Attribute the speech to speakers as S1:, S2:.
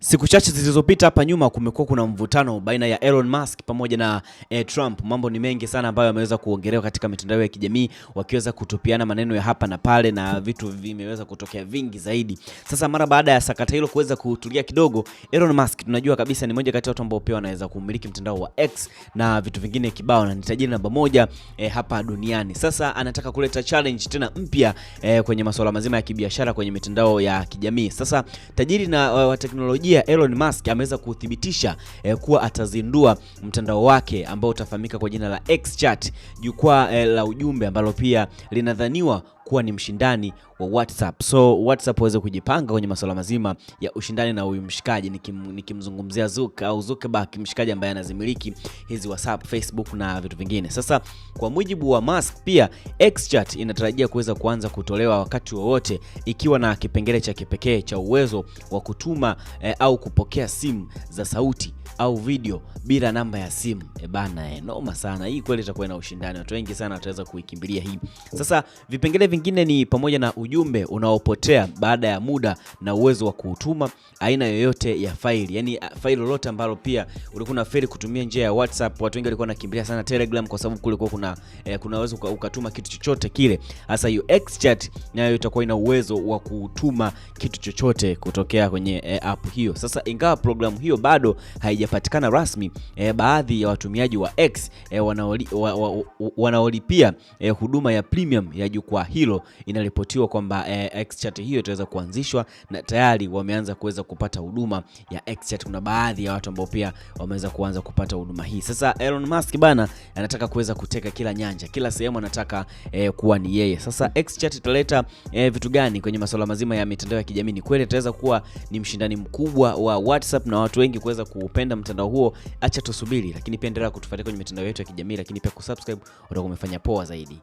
S1: Siku chache zilizopita hapa nyuma kumekuwa kuna mvutano baina ya Elon Musk pamoja na eh, Trump. Mambo ni mengi sana ambayo yameweza kuongelewa katika mitandao ya kijamii, wakiweza kutupiana maneno ya hapa na pale na vitu vimeweza kutokea vingi zaidi. Sasa mara baada ya sakata hilo kuweza kutulia kidogo, Elon Musk tunajua kabisa ni moja kati ya watu ambao pia wanaweza kumiliki mtandao wa X na vitu vingine kibao, na ni tajiri namba moja eh, hapa duniani. Sasa anataka kuleta challenge tena mpya eh, kwenye masuala mazima ya kibiashara kwenye mitandao ya kijamii. Sasa tajiri na wa teknolojia pia Elon Musk ameweza kuthibitisha eh, kuwa atazindua mtandao wake ambao utafahamika kwa jina la XChat, jukwaa eh, la ujumbe ambalo pia linadhaniwa kuwa ni mshindani wa WhatsApp. So WhatsApp waweze kujipanga kwenye masuala mazima ya ushindani na huyu mshikaji nikimzungumzia nikim Zuck au Zuckerberg, mshikaji ambaye anazimiliki hizi WhatsApp, Facebook na vitu vingine. Sasa kwa mujibu wa Musk, pia XChat inatarajia kuweza kuanza kutolewa wakati wowote ikiwa na kipengele cha kipekee cha uwezo wa kutuma eh, au kupokea simu za sauti au video bila namba ya simu. E bana, eh, noma sana hii kweli, itakuwa na ushindani, watu wengi sana wataweza kuikimbilia hii. Sasa vipengele vingi vingine ni pamoja na ujumbe unaopotea baada ya muda na uwezo wa kuutuma aina yoyote ya faili, yani faili lolote ambalo pia ulikuwa feri kutumia njia ya WhatsApp. Watu wengi walikuwa nakimbilia sana Telegram kwa sababu kulikuwa kuna eh, kunaweza ukatuma kitu chochote kile. hasa hiyo Xchat nayo itakuwa ina uwezo wa kutuma kitu chochote kutokea kwenye eh, app hiyo. Sasa ingawa programu hiyo bado haijapatikana rasmi, eh, baadhi ya watumiaji wa X eh, wanaolipia wa, wa, wa, eh, huduma ya premium ya jukwaa hilo hilo inaripotiwa kwamba eh, XChat hiyo itaweza kuanzishwa na tayari wameanza kuweza kupata huduma ya XChat. Kuna baadhi ya watu ambao pia wameweza kuanza kupata huduma hii. Sasa Elon Musk bana anataka kuweza kuteka kila nyanja, kila sehemu anataka eh, kuwa ni yeye. Sasa XChat italeta eh, vitu gani kwenye masuala mazima ya mitandao ya kijamii? Ni kweli itaweza kuwa ni mshindani mkubwa wa WhatsApp na watu wengi kuweza kuupenda mtandao huo. Acha tusubiri, lakini pia endelea kutufuatilia kwenye mitandao yetu ya kijamii, lakini pia kusubscribe utakuwa umefanya poa zaidi.